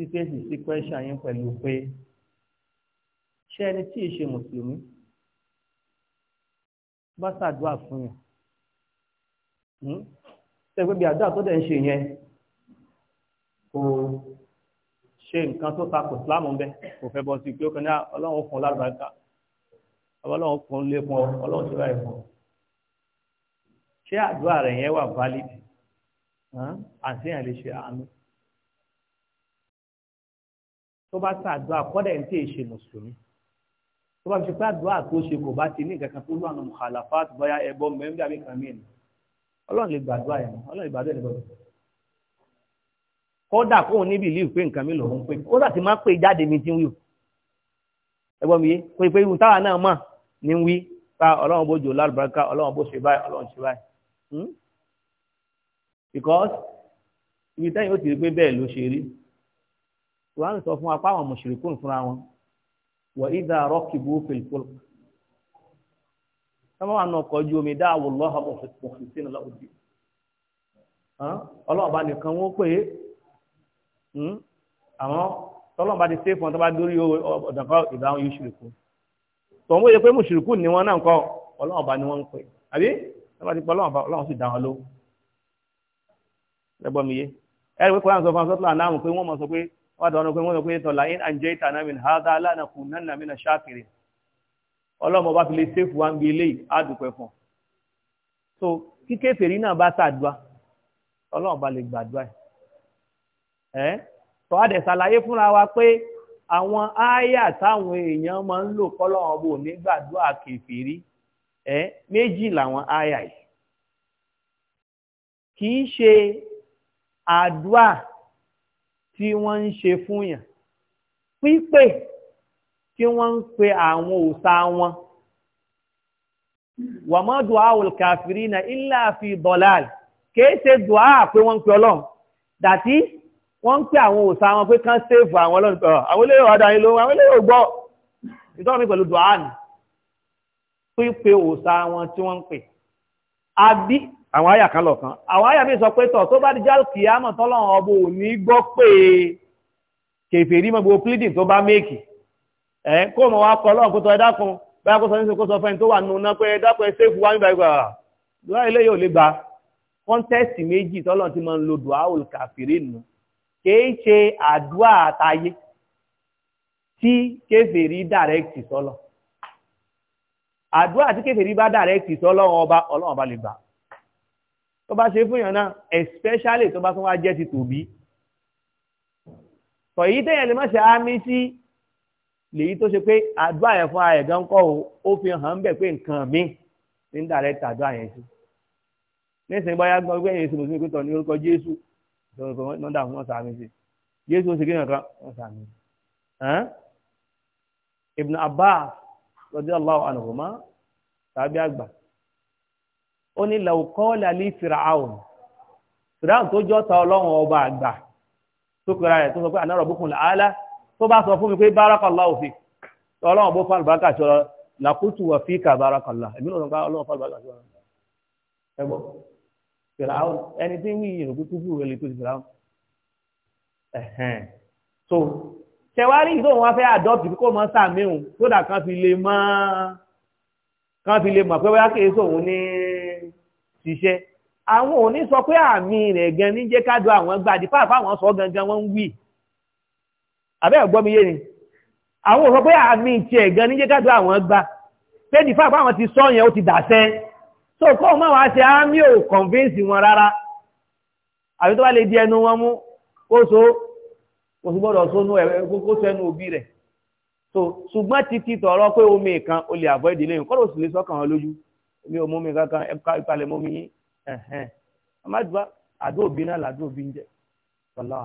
sí fèsì sí pẹ́ṣà yín pẹ̀lú pé ṣé ẹni tí ì ṣe mùsùlùmí bá ṣàdúrà fún yàn hmm? ṣẹ́gbẹ́ bí àdúrà tó dẹ̀ ń ṣe yẹn kò ṣe nǹkan tó takò sílámù ń bẹ kò fẹ́ bọ́ sí pé ó kàn ní ah, ọlọ́run fún lárúbáríkà ọlọ́run fún lé fún ọ ọlọ́run ṣe báyìí fún ṣé àdúrà rẹ̀ yẹn wà válídì àti àlè ṣe àánú tó bá ṣàdúrà kọ́dà ẹni tí èyí ṣe mùsùlùmí tó bá fi pé àdúrà tó ṣe kò bá ti ní nǹkan kan tó lù àwọn mùkàlàfà bóyá ẹbọ mẹ́rin àbí kan mìíràn ọlọ́run lè gbàdúrà ẹ̀ ọlọ́run lè gbàdúrà ẹ̀ lọ́dọ̀ kọ́dà kóun níbi ìlú ìpé nǹkan mi lòun pé kódà ti máa ń pè jáde mi ti ń wí o ẹgbọ́n mi yé kó ipe irun táwa náà mà ní wí pa ọlọ́run bó jò lálùbáríkà ọlọ́run bó ṣe báyìí ọlọ́run ṣe báyìí hmm? because ibi táyìn ó ti rí pé bẹ́ẹ̀ ló ṣe rí Quran sọ fún apá àwọn mushrikun fúnra wọn wa idha rakibu fil fulk sọ́mọ́ wà náà kọjú omi da'awu Allaha mukhlisina lahu ad-din ọlọ́ọ̀bá nìkan wọ́n pè é hmm? àwọn tọ́lọ́ọ̀bá ti ṣe fún ọ tó bá dórí ọ̀dọ̀kọ́ ìdáhùn yóò ṣìrìkú tọ́wọ́n wọ́n yẹ pé mùṣìrìkù ni wọ́n náà ń kọ́ ọlọ́ọ̀bá ni wọ́n ń pè àbí tọ́lọ́ọ̀bá ti pọ̀ ọlọ́ọ̀bá sì dá wọn ló lẹ́gbọ́n mi yé ẹ̀rí pé kọ́lá ń sọ fún ọ sọ́tún àná wọ́n tọ́ ọ́nà pé wọ́n sọ pé tọ́lá in anjaytana min hadha lanakunanna mina shakirin ọlọ́mọ bá fi lè ṣéfù wá ń gbé ilé yìí á dúpẹ́ fún un so kí ọlọ́run bá lè gbàdúà ẹ̀ tọ́ àdẹ̀ ṣàlàyé fúnra wa pé àwọn ááyà táwọn èèyàn máa ń lò kọ́lọ́run bò ní gbàdúà kèfèrí ẹ̀ méjì làwọn ááyà yìí kì ṣe àdúà tí wọ́n ń ṣe fún yàn pípè tí wọ́n ń pe àwọn òòṣà wọn wà dùá olùkàfìrí na ilá fi dọ̀láàlì kìí ṣe dùá pé wọ́n ń pe ọlọ́run dàtí wọ́n ń pe àwọn òòṣà wọn pé kán ṣèfù àwọn ọlọ́run pé àwọn eléyìí ọ̀dà yìí ló àwọn eléyìí ò gbọ́ ìtọ́ mi pẹ̀lú dùá nì pípe òòṣà wọn tí wọ́n ń pè àbí àwọn àyà kan lọ̀kan àwọn àyà mi sọ pé tọ̀ tó bá di jáàlù kìámọ̀ tọ́lọ́run ọbọ̀ ò ní gbọ́ pé kèfèrí mọ̀ gbogbo pleading tó bá méèkì ẹ̀ kó mọ̀ wá kọ́ lọ́run kó tọ́ ẹ dákun bá kó sọ ní kó sọ fẹ́ni tó wà nù náà pé ẹ dákun ẹ séèfù wá nígbà ìgbà dùá ilé yóò lè gba kọ́ńtẹ́sì méjì tọ́lọ́run ti máa ń lo dùá òl kàfìrí nù kìí ṣe àdúrà àtayé tí kèfèrí direct sọ́lọ́ àdúrà tí kèfèrí bá direct sọ́lọ́ ọba ọlọ́run ọba lè gbà tó bá ṣe fún yàn náà especially tó bá tún wá jẹ́ ti tòbí tọ̀ èyí tẹ̀yẹ̀ lè má ṣe àmì sí lèyí tó ṣe pé àdúrà yẹn fún ààyè gan kọ́ o ó fi hàn bẹ̀ pé nǹkan mi ti ń dàrẹ́ tàdúrà yẹn sí nísìnyí bóyá gbọ́n pé èyí ṣe mùsùlùmí pé tọ̀ ní orúkọ Jésù ìṣòro nọ́ńdà fún ọ̀sán àmì sí Jésù ó ṣe kí nìkan ọ̀sán àmì sí. Ibn Abbas radiyallahu anhuma tàbí àgbà ó ní làwùkọ́ọ̀lá lè fìràáhùn fìràáhùn tó jọ́ ta ọlọ́run ọba àgbà tó pera rẹ̀ tó sọ pé ànárọ̀ bókun làálá tó bá sọ fún mi pé bárakàláwò fi ọlọ́run bó fàlùbá kàṣọ làkútù wà fi kà bárakàlá èmi náà sọ pé ah, ọlọ́run fàlùbá kàṣọ ẹgbọ́ fìràáhùn ẹni tí ń wí ìyẹn kúkú rẹ̀ lè tó ti fìràáhùn ẹ̀hẹ́n so tẹwárí ìdó wọn fẹ́ adopt kó mọ́ sàmíhùn kódà kan fi lè mọ́ mọ̀ pé wáyà kéésù òun ní ṣiṣẹ́ àwọn ò ní sọ pé àmì rẹ̀ gan ní jẹ́ kádùn àwọn gbàdí fáfá àwọn sọ gangan wọ́n ń wí àbẹ́ ọ̀gbọ́mi yé ni àwọn ò sọ pé àmì tiẹ̀ gan ní jẹ́ kádùn àwọn gbà pé dì fáfá àwọn ti sọ yẹn ó ti dàṣẹ́ so kọ́ máa wá ṣe àmì ò kọ̀nvínsì wọn rárá àbí tó bá lè di ẹnu wọn mú kó so kò sí gbọ́dọ̀ sónú ẹ̀ kó so ẹnu òbí rẹ̀ so ṣùgbọ́n títí tọ̀rọ̀ pé omi kan o lè avoid ilé yìí kọ́ mi ò mú mi kankan ẹ̀ka ìpalẹ̀ mú mi ẹ̀hẹ́n àmàdùbá àdó òbí náà làdó òbí ń jẹ ọ̀la